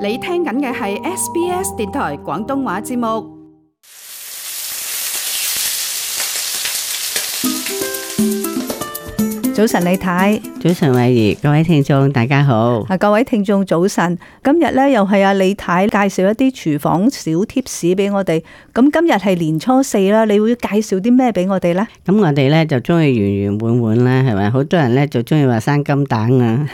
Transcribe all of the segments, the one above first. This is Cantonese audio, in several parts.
你聽緊嘅係 SBS 電台廣東話節目。早晨李太，早晨偉兒，各位聽眾大家好。啊，各位聽眾早晨，今日咧，又係阿李太介紹一啲廚房小貼士俾我哋。咁今日係年初四啦，你會介紹啲咩俾我哋咧？咁我哋咧就中意圓圓滿滿啦，係咪？好多人咧就中意話生金蛋啊。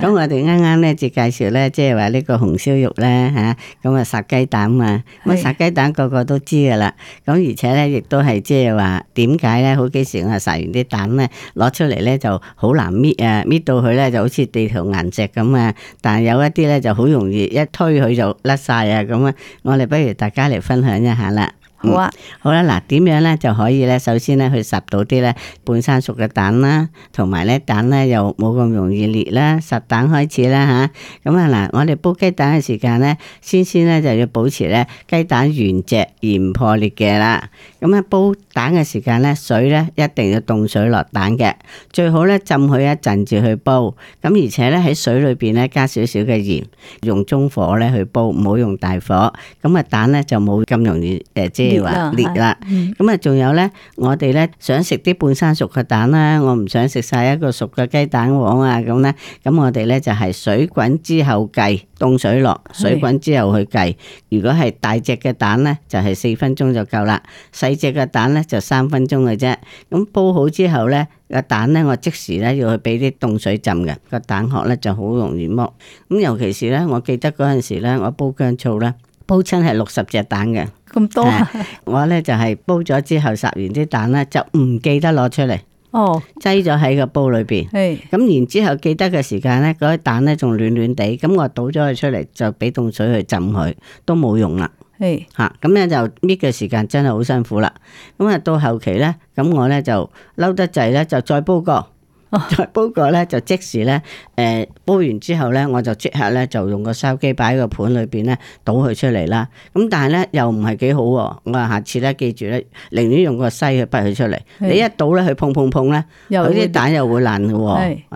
咁 我哋啱啱咧就介紹咧，即係話呢個紅燒肉咧吓，咁啊烚雞蛋啊，咁啊烚雞蛋個個都知噶啦。咁而且咧亦都係即係話點解咧？好幾時我烚完啲蛋咧，攞出嚟咧。就，就好難搣啊，搣到佢咧就好似地圖岩石咁啊。但係有一啲呢就好容易一推佢就甩晒啊咁。我哋不如大家嚟分享一下啦。好啊，好啦，嗱，點樣咧就可以咧？首先咧，去烚到啲咧半生熟嘅蛋啦，同埋咧蛋咧又冇咁容易裂啦，烚蛋開始啦嚇。咁啊嗱，我哋煲雞蛋嘅時間咧，先先咧就要保持咧雞蛋原隻而唔破裂嘅啦。咁啊煲蛋嘅時間咧，水咧一定要凍水落蛋嘅，最好咧浸佢一陣至去煲。咁而且咧喺水裏邊咧加少少嘅鹽，用中火咧去煲，唔好用大火。咁啊蛋咧就冇咁容易誒即。譬如話裂啦，咁啊，仲有咧，我哋咧想食啲半生熟嘅蛋啦，我唔想食晒一個熟嘅雞蛋黃啊，咁咧，咁我哋咧就係水滾之後計凍水落，水滾之後去計。如果係大隻嘅蛋咧，就係四分鐘就夠啦；細隻嘅蛋咧，就三分鐘嘅啫。咁煲好之後咧，個蛋咧，我即時咧要去俾啲凍水浸㗎。個蛋殼咧就好容易剝。咁尤其是咧，我記得嗰陣時咧，我煲薑醋咧，煲親係六十隻蛋嘅。咁多， 我呢就係、是、煲咗之後，烚完啲蛋呢就唔記得攞出嚟，哦，擠咗喺個煲裏邊，係咁是然之後記得嘅時間呢，嗰、那、啲、個、蛋呢仲暖暖地，咁我倒咗佢出嚟，就俾凍水去浸佢，都冇用啦，係吓是，咁呢、啊、就搣嘅時間真係好辛苦啦，咁啊到後期呢，咁我呢就嬲得滯呢，就再煲個。 再煲過咧，就即時咧，誒，煲完之後咧，我就即刻咧就用個筲箕擺個盤裏邊咧，倒佢出嚟啦。咁但係咧又唔係幾好，我下次咧記住咧，寧願用個篩去滗佢出嚟。的你一倒咧，佢碰碰碰咧，嗰啲蛋又會爛嘅，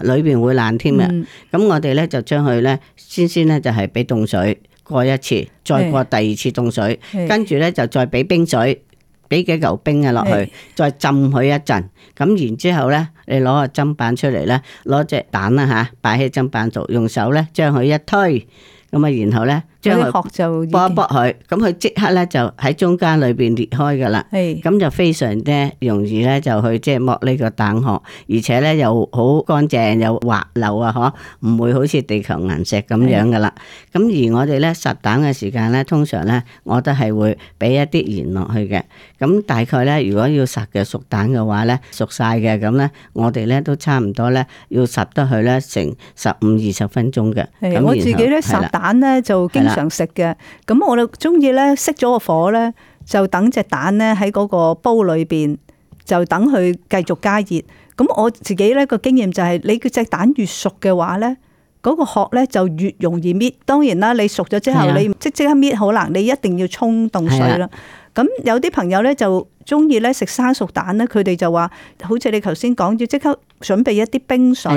的裏邊會爛添啊。咁的我哋咧就將佢咧先先咧就係俾凍水過一次，再過第二次凍水，跟住咧就再俾冰水。俾幾嚿冰啊落去，再浸佢一陣，咁然之後咧，你攞個砧板出嚟咧，攞隻蛋啦嚇，擺、啊、喺砧板度，用手咧將佢一推，咁啊，然後咧。將殼就剝一剝佢，咁佢即刻咧就喺中間裏邊裂開噶啦。咁的就非常之容易咧就去即係剝呢個蛋殼，而且咧又好乾淨又滑溜啊！嗬，唔會好似地球岩石咁樣噶啦。咁的而我哋咧烚蛋嘅時間咧，通常咧我都係會俾一啲鹽落去嘅。咁大概咧，如果要烚嘅熟蛋嘅話咧，熟晒嘅咁咧，我哋咧都差唔多咧要烚得佢咧成十五二十分鐘嘅。咁的我自己咧烚蛋咧就常食嘅，咁我就中意咧熄咗個火咧，就等隻蛋咧喺嗰個煲裏邊，就等佢繼續加熱。咁我自己咧個經驗就係、是，你嘅隻蛋越熟嘅話咧，嗰、那個殼咧就越容易搣。當然啦，你熟咗之後，啊、你即即刻搣好難，你一定要沖凍水啦。咁、啊、有啲朋友咧就中意咧食生熟蛋咧，佢哋就話，好似你頭先講要即刻。準備一啲冰水，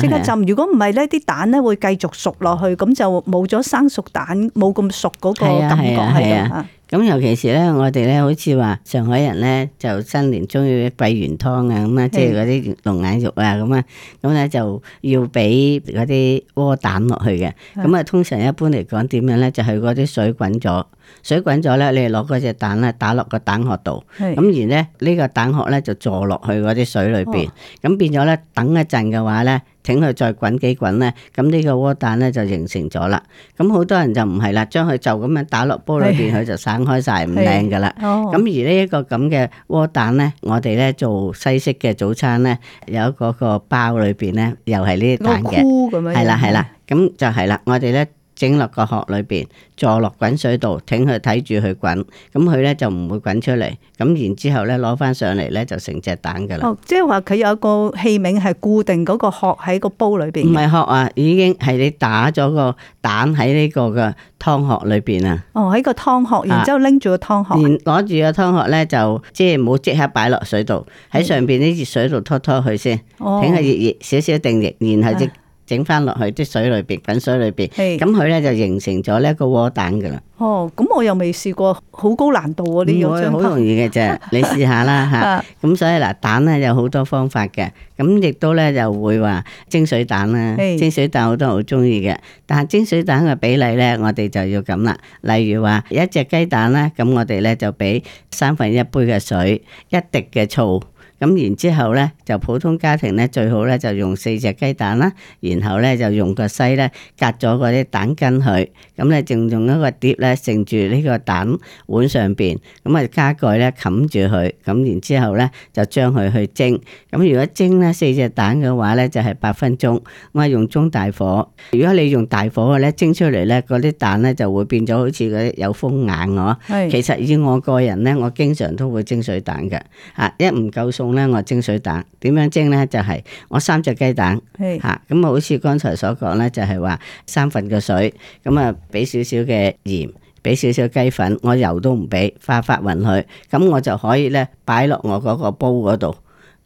即刻浸。如果唔係呢啲蛋咧會繼續熟落去，咁就冇咗生熟蛋，冇咁熟嗰個感覺係啊。咁、啊啊啊、的尤其是咧，我哋咧好似話上海人咧，就新年中意啲桂圓湯啊，咁啊，即係嗰啲龍眼肉啊，咁啊是，咁咧就要俾嗰啲窩蛋落去嘅。咁啊是，通常一般嚟講點樣咧？就係嗰啲水滾咗，水滾咗咧，你攞嗰隻蛋咧，打落個蛋殼度，咁是而咧呢個蛋殼咧就坐落去嗰啲水裏邊，咁、哦、變咗。咧等一陣嘅話咧，請佢再滾幾滾咧，咁呢個窩蛋咧就形成咗啦。咁好多人就唔係啦，將佢就咁樣打落煲裏邊，佢、哎、呀就散開晒，唔靚噶啦。咁、哦、而呢一個咁嘅窩蛋咧，我哋咧做西式嘅早餐咧，有嗰個，個包裏邊咧，又係呢啲蛋嘅，係啦係啦，咁就係啦，我哋咧。整落個殼裏邊，坐落滾水度，請佢睇住佢滾，咁佢咧就唔會滾出嚟。咁然之後咧，攞翻上嚟咧就成隻蛋噶啦。哦，即係話佢有一個器皿係固定嗰個殼喺個煲裏邊。唔係殼啊，已經係你打咗個蛋喺呢個嘅湯殼裏邊啊。哦，喺個湯殼，然之後拎住個湯殼，攞住個湯殼咧就即係冇即刻擺落水度，喺、嗯、上邊呢啲熱水度拖拖佢先，請下熱熱少少定熱，然後即。整翻落去啲水裏邊，粉水裏邊，咁佢呢就形成咗一個窩蛋噶啦。哦，咁我又未試過，好高難度啊！呢個好容易嘅啫。 你試下啦吓。咁 所以嗱，蛋呢有好多方法嘅，咁亦都呢就會話蒸水蛋啦，是蒸水蛋好多人好中意嘅。但係蒸水蛋嘅比例呢，我哋就要咁啦。例如話有一隻雞蛋呢，咁我哋呢就俾三分一杯嘅水，一滴嘅醋。咁然之後呢，就普通家庭呢，最好呢就用四隻雞蛋啦，然後呢，就用個篩呢隔咗嗰啲蛋筋佢，咁呢仲用一個碟呢，盛住呢個蛋碗上邊，咁啊加蓋呢冚住佢，咁然之後呢，就將佢去蒸。咁如果蒸呢四隻蛋嘅話呢，就係八分鐘，我係用中大火。如果你用大火嘅呢，蒸出嚟呢嗰啲蛋呢，就會變咗好似嗰啲有風眼哦。是其實以我個人呢，我經常都會蒸水蛋嘅，啊一唔夠餸。咧我蒸水蛋，點樣蒸呢？就係、是、我三隻雞蛋，吓咁是啊，好似剛才所講呢就係、是、話三份嘅水，咁啊俾少少嘅鹽，俾少少雞粉，我油都唔俾，發發勻佢，咁我就可以呢擺落我嗰個煲嗰度，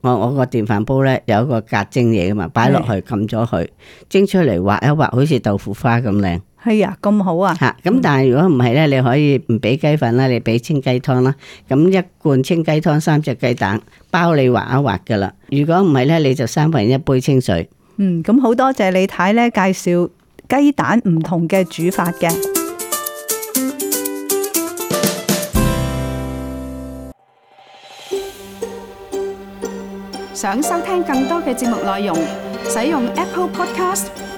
我我個電飯煲呢，有一個格蒸嘢噶嘛，擺落去撳咗佢，是蒸出嚟滑一滑，好似豆腐花咁靚。係啊，咁好啊！吓，咁但係如果唔係呢，你可以唔俾雞粉啦，你俾清雞湯啦。咁一罐清雞湯三隻雞蛋，包你滑一滑噶啦。如果唔係呢，你就三分一杯清水。嗯，咁好多謝李太呢介紹雞蛋唔同嘅煮法嘅。想收聽更多嘅節目內容，使用 Apple Podcast。